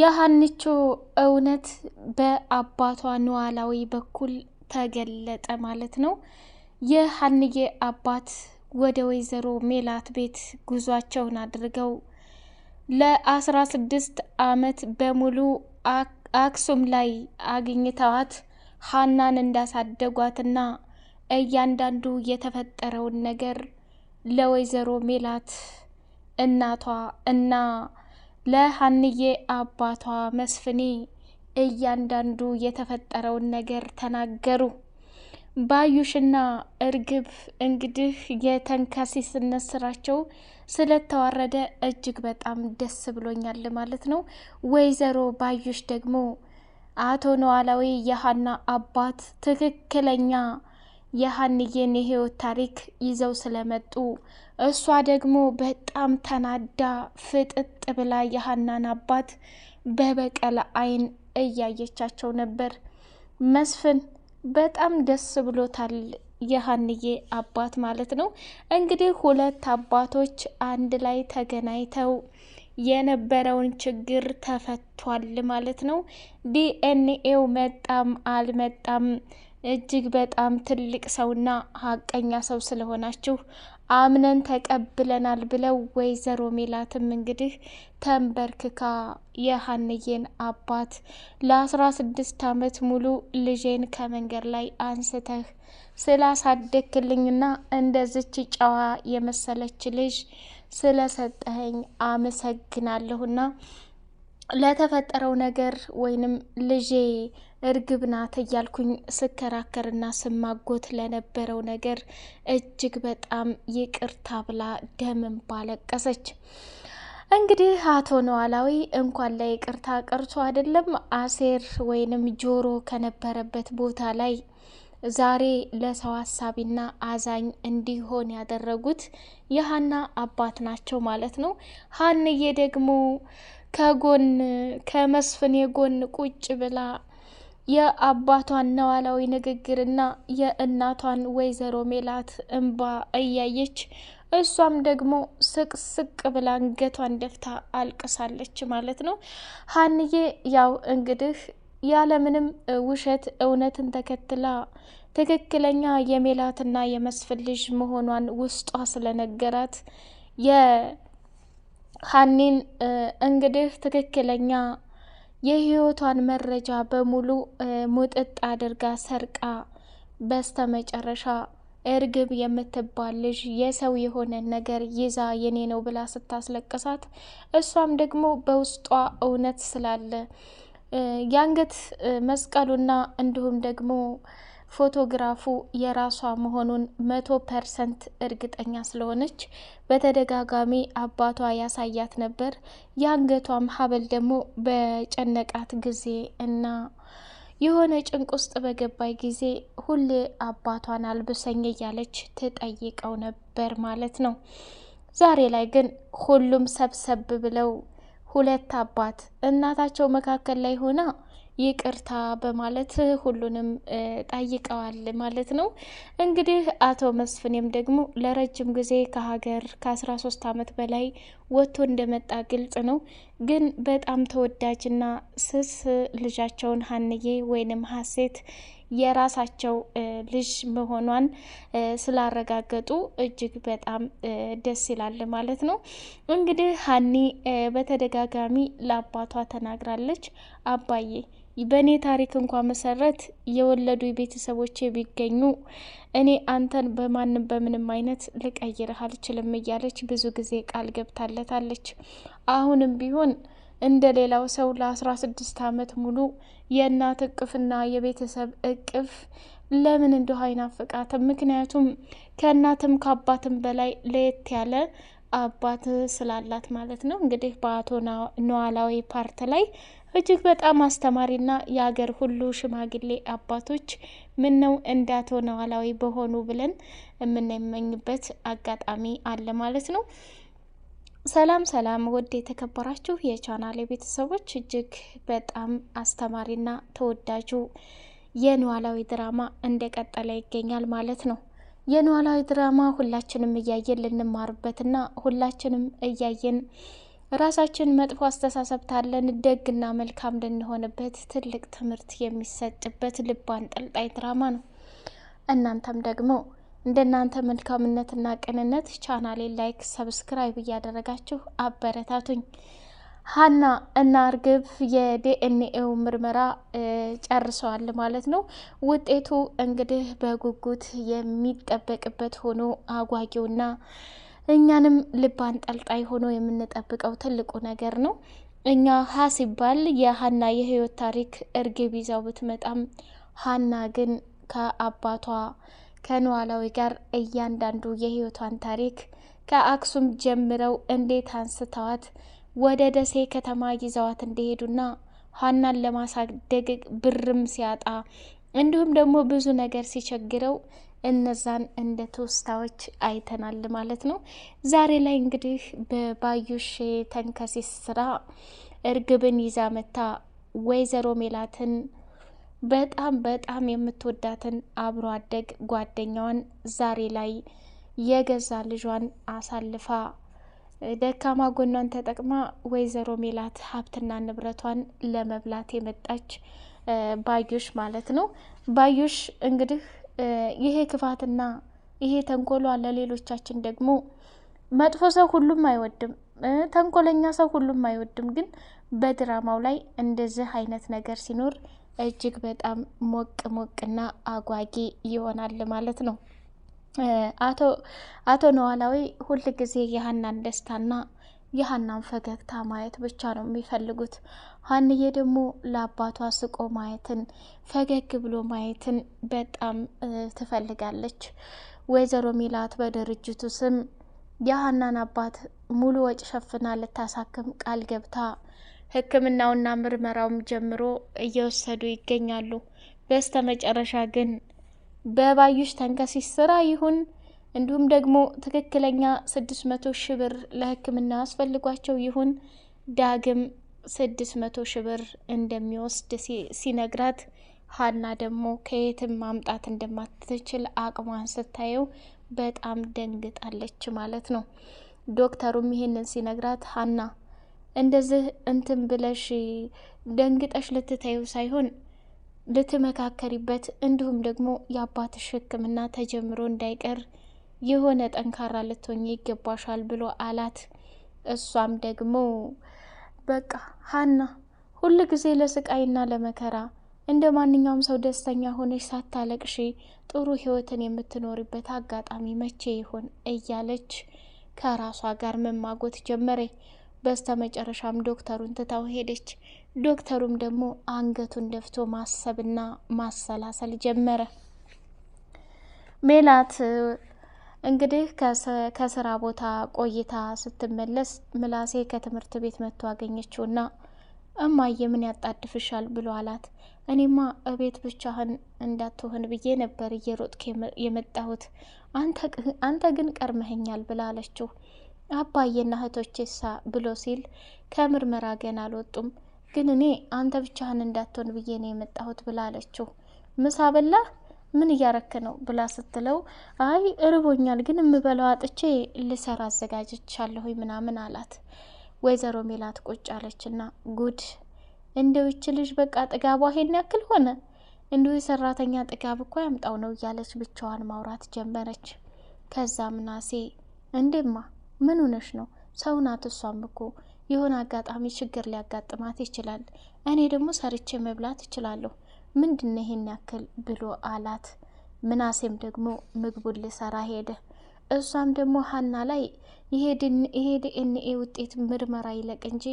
የሀኒቾ እውነት በአባቷ ኖላዊ በኩል ተገለጠ ማለት ነው። የሀንዬ አባት ወደ ወይዘሮ ሜላት ቤት ጉዟቸውን አድርገው ለአስራ ስድስት አመት በሙሉ አክሱም ላይ አግኝተዋት ሀናን እንዳሳደጓትና እያንዳንዱ የተፈጠረውን ነገር ለወይዘሮ ሜላት እናቷ እና ለሀንዬ አባቷ መስፍኔ እያንዳንዱ የተፈጠረውን ነገር ተናገሩ። ባዩሽና እርግብ እንግዲህ የተንከሲስነት ስራቸው ስለተዋረደ እጅግ በጣም ደስ ብሎኛል ማለት ነው። ወይዘሮ ባዩሽ ደግሞ አቶ ኖላዊ የሀና አባት ትክክለኛ የሀንዬን የህይወት ታሪክ ይዘው ስለመጡ እሷ ደግሞ በጣም ተናዳ ፍጥጥ ብላ የሀናን አባት በበቀለ አይን እያየቻቸው ነበር። መስፍን በጣም ደስ ብሎታል። የሀንዬ አባት ማለት ነው። እንግዲህ ሁለት አባቶች አንድ ላይ ተገናኝተው የነበረውን ችግር ተፈቷል ማለት ነው። ዲኤንኤው መጣም አልመጣም እጅግ በጣም ትልቅ ሰውና ሀቀኛ ሰው ስለሆናችሁ አምነን ተቀብለናል ብለው ወይዘሮ ሜላትም እንግዲህ ተንበርክካ የሀንዬን አባት ለአስራ ስድስት አመት ሙሉ ልጄን ከመንገድ ላይ አንስተህ ስላሳደግክልኝና እንደዚች ጨዋ የመሰለች ልጅ ስለሰጠኸኝ አመሰግናለሁና ለተፈጠረው ነገር ወይንም ልጄ እርግብ ናት እያልኩኝ ስከራከርና ስማጎት ለነበረው ነገር እጅግ በጣም ይቅርታ ብላ ደምን ባለቀሰች። እንግዲህ አቶ ኖላዊ እንኳን ቅርታ ቀርቶ አይደለም አሴር ወይንም ጆሮ ከነበረበት ቦታ ላይ ዛሬ ለሰው አሳቢና አዛኝ እንዲሆን ያደረጉት የሀና አባት ናቸው ማለት ነው። ሀንዬ ደግሞ ከጎን ከመስፍን የጎን ቁጭ ብላ የአባቷን ነዋላዊ ንግግርና የእናቷን ወይዘሮ ሜላት እንባ እያየች እሷም ደግሞ ስቅስቅ ብላ አንገቷን ደፍታ አልቅሳለች ማለት ነው። ሀንዬ ያው እንግዲህ ያለምንም ውሸት እውነትን ተከትላ ትክክለኛ የሜላትና የመስፍን ልጅ መሆኗን ውስጧ ስለነገራት የሀኒን እንግዲህ ትክክለኛ የህይወቷን መረጃ በሙሉ ሙጥጥ አድርጋ ሰርቃ በስተመጨረሻ እርግብ የምትባል ልጅ የሰው የሆነ ነገር ይዛ የኔ ነው ብላ ስታስለቅሳት እሷም ደግሞ በውስጧ እውነት ስላለ የአንገት መስቀሉና እንዲሁም ደግሞ ፎቶግራፉ የራሷ መሆኑን መቶ ፐርሰንት እርግጠኛ ስለሆነች በተደጋጋሚ አባቷ ያሳያት ነበር። የአንገቷም ሀብል ደግሞ በጨነቃት ጊዜ እና የሆነ ጭንቅ ውስጥ በገባይ ጊዜ ሁሌ አባቷን አልብሰኝ እያለች ትጠይቀው ነበር ማለት ነው። ዛሬ ላይ ግን ሁሉም ሰብሰብ ብለው ሁለት አባት እናታቸው መካከል ላይ ሆና ይቅርታ በማለት ሁሉንም ጠይቀዋል ማለት ነው። እንግዲህ አቶ መስፍኔም ደግሞ ለረጅም ጊዜ ከሀገር ከ13 ዓመት በላይ ወጥቶ እንደመጣ ግልጽ ነው። ግን በጣም ተወዳጅና ስስ ልጃቸውን ሀንዬ ወይንም ሀሴት የራሳቸው ልጅ መሆኗን ስላረጋገጡ እጅግ በጣም ደስ ይላል ማለት ነው። እንግዲህ ሀኒ በተደጋጋሚ ለአባቷ ተናግራለች። አባዬ በእኔ ታሪክ እንኳ መሰረት የወለዱ ቤተሰቦቼ ቢገኙ እኔ አንተን በማንም በምንም አይነት ልቀይርህ አልችልም እያለች ብዙ ጊዜ ቃል ገብታለታለች። አሁንም ቢሆን እንደ ሌላው ሰው ለአስራ ስድስት አመት ሙሉ የእናት እቅፍና የቤተሰብ እቅፍ ለምን እንደሆ አይናፍቃትም። ምክንያቱም ከእናትም ከአባትም በላይ ለየት ያለ አባት ስላላት ማለት ነው። እንግዲህ በአቶ ኖላዊ ፓርት ላይ እጅግ በጣም አስተማሪና የሀገር ሁሉ ሽማግሌ አባቶች ምን ነው እንዳቶ ኖላዊ በሆኑ ብለን የምንመኝበት አጋጣሚ አለ ማለት ነው። ሰላም ሰላም፣ ውድ የተከበራችሁ የቻናሌ ቤተሰቦች እጅግ በጣም አስተማሪና ተወዳጁ የኖላዊ ድራማ እንደቀጠለ ይገኛል ማለት ነው። የኖላዊ ድራማ ሁላችንም እያየን ልንማርበትና ሁላችንም እያየን ራሳችን መጥፎ አስተሳሰብ ታለን ደግና መልካም ልንሆንበት ትልቅ ትምህርት የሚሰጥበት ልብ አንጠልጣይ ድራማ ነው። እናንተም ደግሞ እንደናንተ መልካምነትና ቅንነት ቻናሌን ላይክ፣ ሰብስክራይብ እያደረጋችሁ አበረታቱኝ። ሀና እና እርግብ የዲኤንኤው ምርመራ ጨርሰዋል ማለት ነው። ውጤቱ እንግዲህ በጉጉት የሚጠበቅበት ሆኖ አጓጊውና እኛንም ልብ አንጠልጣይ ሆኖ የምንጠብቀው ትልቁ ነገር ነው። እኛ ሀ ሲባል የሀና የህይወት ታሪክ እርግብ ይዛው ብትመጣም ሀና ግን ከአባቷ ከኖላዊ ጋር እያንዳንዱ የህይወቷን ታሪክ ከአክሱም ጀምረው እንዴት አንስተዋት ወደ ደሴ ከተማ ይዘዋት እንደሄዱና ሀናን ለማሳደግ ብርም ሲያጣ እንዲሁም ደግሞ ብዙ ነገር ሲቸግረው እነዛን እንደ ትውስታዎች አይተናል ማለት ነው። ዛሬ ላይ እንግዲህ በባዩሽ ተንከሴስ ስራ እርግብን ይዛ መታ ወይዘሮ ሜላትን በጣም በጣም የምትወዳትን አብሮ አደግ ጓደኛዋን ዛሬ ላይ የገዛ ልጇን አሳልፋ ደካማ ጎኗን ተጠቅማ ወይዘሮ ሜላት ሀብትና ንብረቷን ለመብላት የመጣች ባዩሽ ማለት ነው። ባዩሽ እንግዲህ ይሄ ክፋትና ይሄ ተንኮሏ ለሌሎቻችን ደግሞ መጥፎ ሰው ሁሉም አይወድም፣ ተንኮለኛ ሰው ሁሉም አይወድም። ግን በድራማው ላይ እንደዚህ አይነት ነገር ሲኖር እጅግ በጣም ሞቅ ሞቅና አጓጊ ይሆናል ማለት ነው። አቶ ኖላዊ ሁል ጊዜ የሀናን ደስታና የሀናን ፈገግታ ማየት ብቻ ነው የሚፈልጉት። ሀንዬ ደግሞ ለአባቷ ስቆ ማየትን ፈገግ ብሎ ማየትን በጣም ትፈልጋለች። ወይዘሮ ሚላት በድርጅቱ ስም የሀናን አባት ሙሉ ወጪ ሸፍና ልታሳክም ቃል ገብታ ሕክምናውና ምርመራውም ጀምሮ እየወሰዱ ይገኛሉ። በስተ መጨረሻ ግን በባዩሽ ተንከሲስ ስራ ይሁን እንዲሁም ደግሞ ትክክለኛ መቶ ሺ ብር ለህክምና አስፈልጓቸው ይሁን ዳግም 600 ሺ ብር እንደሚወስድ ሲነግራት ሀና ደግሞ ከየትም ማምጣት እንደማትችል አቅሟን ስታየው በጣም ደንግጣለች ማለት ነው። ዶክተሩም ይሄንን ሲነግራት ሀና እንደዚህ እንትን ብለሽ ደንግጠሽ ልትታዩ ሳይሆን ልትመካከሪበት እንዲሁም ደግሞ የአባትሽ ህክምና ተጀምሮ እንዳይቀር የሆነ ጠንካራ ልትሆኝ ይገባሻል ብሎ አላት። እሷም ደግሞ በቃ ሀና ሁል ጊዜ ለስቃይና ለመከራ እንደ ማንኛውም ሰው ደስተኛ ሆነች ሳታለቅሺ ጥሩ ህይወትን የምትኖሪበት አጋጣሚ መቼ ይሆን እያለች ከራሷ ጋር መማጎት ጀመረ። በስተ መጨረሻም ዶክተሩን ትታው ሄደች። ዶክተሩም ደግሞ አንገቱን ደፍቶ ማሰብና ማሰላሰል ጀመረ። ሜላት እንግዲህ ከስራ ቦታ ቆይታ ስትመለስ ምላሴ ከትምህርት ቤት መጥቶ አገኘችውና እማዬ ምን ያጣድፍሻል ብሎ አላት። እኔማ እቤት ብቻህን እንዳትሆን ብዬ ነበር እየሮጥክ የመጣሁት አንተ ግን ቀርመህኛል ብላ አለችው። አባዬና እህቶቼሳ ብሎ ሲል ከምርመራ ገና አልወጡም፣ ግን እኔ አንተ ብቻህን እንዳትሆን ብዬ ነው የመጣሁት ብላ አለችው። ምሳ በላህ ምን እያረክ ነው ብላ ስትለው አይ እርቦኛል፣ ግን የምበላው አጥቼ ልሰራ አዘጋጅቻለሁ ምናምን አላት። ወይዘሮ ሜላት ቁጭ አለችና ጉድ እንደው ይች ልጅ በቃ ጥጋቧ ይሄን ያክል ሆነ። እንዲሁ የሰራተኛ ጥጋብ እኮ ያምጣው ነው እያለች ብቻዋን ማውራት ጀመረች። ከዛ ምናሴ እንዴማ ምን ሆነሽ ነው? ሰው ናት እሷም እኮ የሆነ አጋጣሚ ችግር ሊያጋጥማት ይችላል። እኔ ደግሞ ሰርቼ መብላት እችላለሁ ምንድን ነው ይሄን ያክል ብሎ አላት። ምናሴም ደግሞ ምግቡን ሊሰራ ሄደ። እሷም ደግሞ ሀና ላይ ይሄ ዲኤንኤ ውጤት ምርመራ ይለቅ እንጂ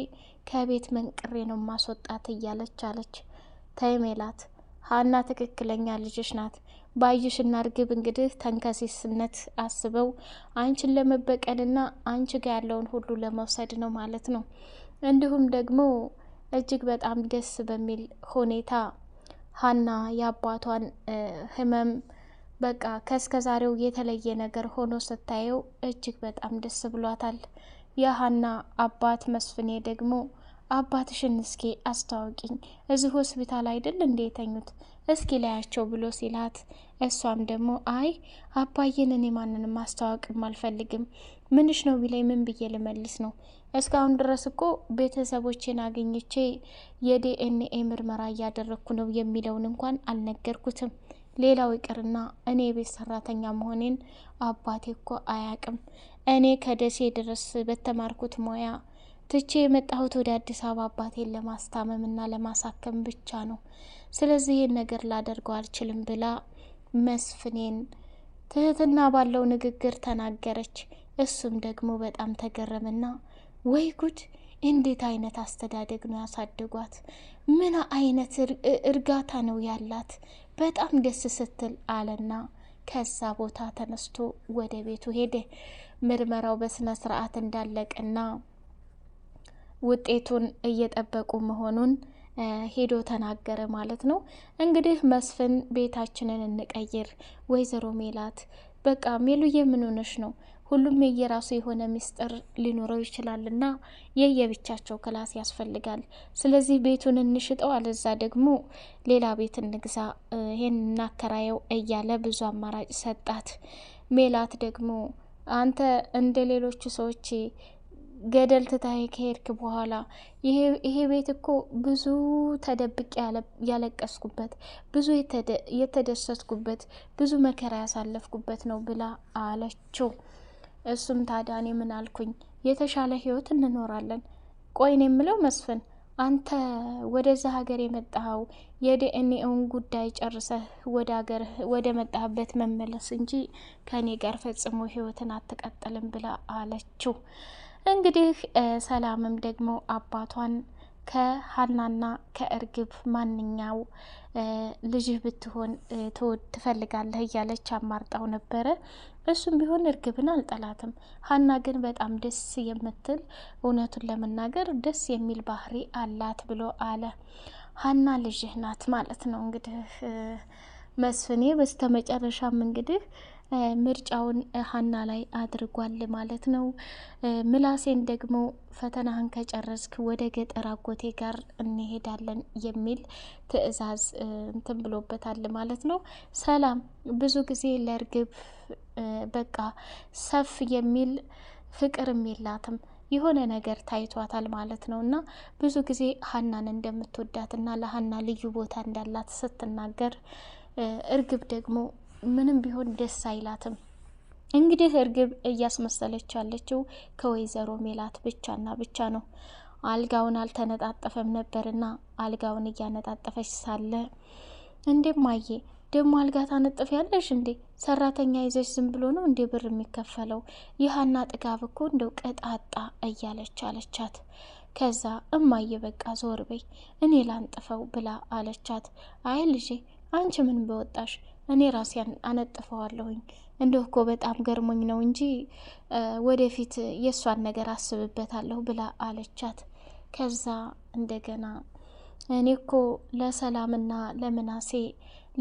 ከቤት መንቅሬ ነው ማስወጣት እያለች አለች። ተይሜላት ሀና ትክክለኛ ልጅሽ ናት። ባዩሽና እርግብ እንግዲህ ተንከሲስነት አስበው አንቺን ለመበቀልና አንቺ ጋ ያለውን ሁሉ ለመውሰድ ነው ማለት ነው። እንዲሁም ደግሞ እጅግ በጣም ደስ በሚል ሁኔታ ሀና የአባቷን ህመም በቃ ከእስከ ዛሬው የተለየ ነገር ሆኖ ስታየው እጅግ በጣም ደስ ብሏታል። የሀና አባት መስፍኔ ደግሞ አባትሽን እስኪ አስተዋውቂኝ፣ እዚህ ሆስፒታል አይደል እንዴ የተኙት? እስኪ ላያቸው ብሎ ሲላት፣ እሷም ደግሞ አይ አባዬን እኔ ማንንም ማስተዋወቅም አልፈልግም፣ ምንሽ ነው ቢላይ ምን ብዬ ልመልስ ነው እስካሁን ድረስ እኮ ቤተሰቦችን አገኝቼ የዲኤንኤ ምርመራ እያደረግኩ ነው የሚለውን እንኳን አልነገርኩትም። ሌላው ይቅርና እኔ የቤት ሰራተኛ መሆኔን አባቴ እኮ አያቅም። እኔ ከደሴ ድረስ በተማርኩት ሙያ ትቼ የመጣሁት ወደ አዲስ አበባ አባቴን ለማስታመምና ለማሳከም ብቻ ነው። ስለዚህ ይህን ነገር ላደርገው አልችልም ብላ መስፍኔን ትህትና ባለው ንግግር ተናገረች። እሱም ደግሞ በጣም ተገረመና ወይ ጉድ! እንዴት አይነት አስተዳደግ ነው ያሳደጓት! ምን አይነት እርጋታ ነው ያላት! በጣም ደስ ስትል አለና ከዛ ቦታ ተነስቶ ወደ ቤቱ ሄደ። ምርመራው በስነ ስርዓት እንዳለቀና ውጤቱን እየጠበቁ መሆኑን ሄዶ ተናገረ ማለት ነው። እንግዲህ መስፍን ቤታችንን እንቀይር፣ ወይዘሮ ሜላት በቃ ሜሉ የምንነሽ ነው ሁሉም የየራሱ የሆነ ምስጢር ሊኖረው ይችላልና የየብቻቸው ክላስ ያስፈልጋል። ስለዚህ ቤቱን እንሽጠው፣ አለዛ ደግሞ ሌላ ቤት እንግዛ፣ ይሄን እናከራየው እያለ ብዙ አማራጭ ሰጣት። ሜላት ደግሞ አንተ እንደ ሌሎቹ ሰዎች ገደል ትታይ ከሄድክ በኋላ ይሄ ቤት እኮ ብዙ ተደብቅ ያለቀስኩበት፣ ብዙ የተደሰትኩበት፣ ብዙ መከራ ያሳለፍኩበት ነው ብላ አለችው። እሱም ታዲያ እኔ ምን አልኩኝ? የተሻለ ህይወት እንኖራለን። ቆይን የምለው መስፍን አንተ ወደዛ ሀገር የመጣኸው የዲኤንኤውን ጉዳይ ጨርሰህ ወደ ሀገርህ ወደ መጣህበት መመለስ እንጂ ከእኔ ጋር ፈጽሞ ህይወትን አትቀጥልም ብላ አለችው። እንግዲህ ሰላምም ደግሞ አባቷን ከሀናና ከእርግብ ማንኛው ልጅህ ብትሆን ትፈልጋለህ እያለች አማርጣው ነበረ። እሱም ቢሆን እርግብን አልጠላትም። ሀና ግን በጣም ደስ የምትል እውነቱን ለመናገር ደስ የሚል ባህሪ አላት ብሎ አለ። ሀና ልጅህ ናት ማለት ነው እንግዲህ መስፍኔ በስተመጨረሻም እንግዲህ ምርጫውን ሀና ላይ አድርጓል ማለት ነው። ምላሴን ደግሞ ፈተናህን ከጨረስክ ወደ ገጠር አጎቴ ጋር እንሄዳለን የሚል ትዕዛዝ እንትን ብሎበታል ማለት ነው። ሰላም ብዙ ጊዜ ለእርግብ በቃ ሰፍ የሚል ፍቅርም የላትም የሆነ ነገር ታይቷታል ማለት ነው። እና ብዙ ጊዜ ሀናን እንደምትወዳትና ለሀና ልዩ ቦታ እንዳላት ስትናገር እርግብ ደግሞ ምንም ቢሆን ደስ አይላትም። እንግዲህ እርግብ እያስመሰለች ያለችው ከወይዘሮ ሜላት ብቻና ብቻ ነው። አልጋውን አልተነጣጠፈም ነበርና አልጋውን እያነጣጠፈች ሳለ እንዴም ማየ ደግሞ አልጋ ታነጥፍ ያለሽ እንዴ? ሰራተኛ ይዘሽ ዝም ብሎ ነው እንዴ ብር የሚከፈለው? ይህና ጥጋብ እኮ እንደው ቀጣጣ እያለች አለቻት። ከዛ እማየ በቃ ዞር በይ እኔ ላንጥፈው ብላ አለቻት። አይ ልጄ አንቺ ምን በወጣሽ እኔ ራሴ አነጥፈዋለሁኝ። እንዲሁ እኮ በጣም ገርሞኝ ነው እንጂ ወደፊት የእሷን ነገር አስብበታለሁ ብላ አለቻት። ከዛ እንደገና እኔ እኮ ለሰላምና ለምናሴ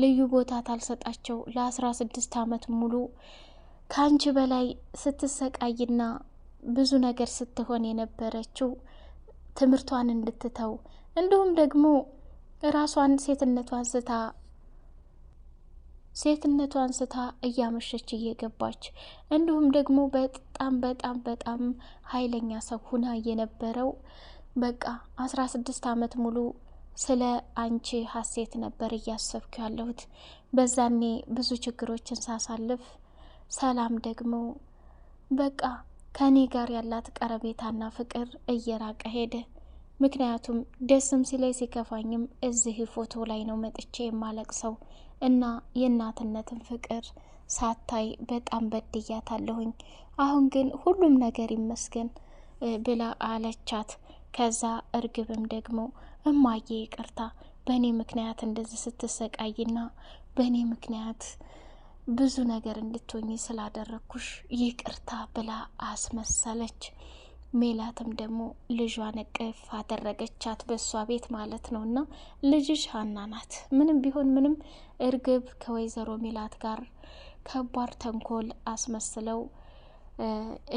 ልዩ ቦታ ታልሰጣቸው ለአስራ ስድስት አመት ሙሉ ከአንቺ በላይ ስትሰቃይና ብዙ ነገር ስትሆን የነበረችው ትምህርቷን እንድትተው እንዲሁም ደግሞ ራሷን ሴትነቷን ስታ ሴትነቷ አንስታ እያመሸች እየገባች እንዲሁም ደግሞ በጣም በጣም በጣም ኃይለኛ ሰው ሁና የነበረው በቃ አስራ ስድስት አመት ሙሉ ስለ አንቺ ሀሴት ነበር እያሰብኩ ያለሁት። በዛኔ ብዙ ችግሮችን ሳሳልፍ ሰላም ደግሞ በቃ ከኔ ጋር ያላት ቀረቤታና ፍቅር እየራቀ ሄደ። ምክንያቱም ደስም ሲለኝ ሲከፋኝም እዚህ ፎቶ ላይ ነው መጥቼ የማለቅ ሰው እና የእናትነትን ፍቅር ሳታይ በጣም በድያታለሁኝ። አሁን ግን ሁሉም ነገር ይመስገን ብላ አለቻት። ከዛ እርግብም ደግሞ እማዬ ይቅርታ፣ በእኔ ምክንያት እንደዚህ ስትሰቃይና በእኔ ምክንያት ብዙ ነገር እንድትሆኝ ስላደረግኩሽ ይቅርታ ብላ አስመሰለች። ሜላትም ደግሞ ልጇን እቅፍ አደረገቻት በእሷ ቤት ማለት ነው። እና ልጅሽ ሀና ናት። ምንም ቢሆን ምንም እርግብ ከወይዘሮ ሜላት ጋር ከባድ ተንኮል አስመስለው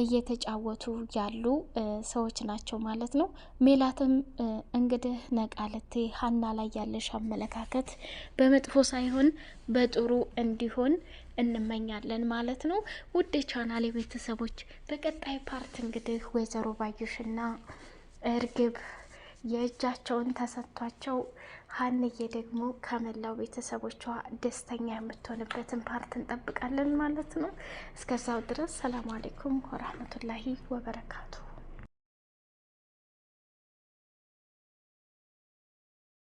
እየተጫወቱ ያሉ ሰዎች ናቸው ማለት ነው። ሜላትም እንግዲህ ነቃልቴ ሀና ላይ ያለሽ አመለካከት በመጥፎ ሳይሆን በጥሩ እንዲሆን እንመኛለን ማለት ነው። ውድ ቻናል ቤተሰቦች በቀጣይ ፓርት እንግዲህ ወይዘሮ ባዩሽና እርግብ የእጃቸውን ተሰጥቷቸው ሀንዬ ደግሞ ከመላው ቤተሰቦቿ ደስተኛ የምትሆንበትን ፓርት እንጠብቃለን ማለት ነው። እስከዛው ድረስ ሰላም አሌይኩም ወራህመቱላሂ ወበረካቱ።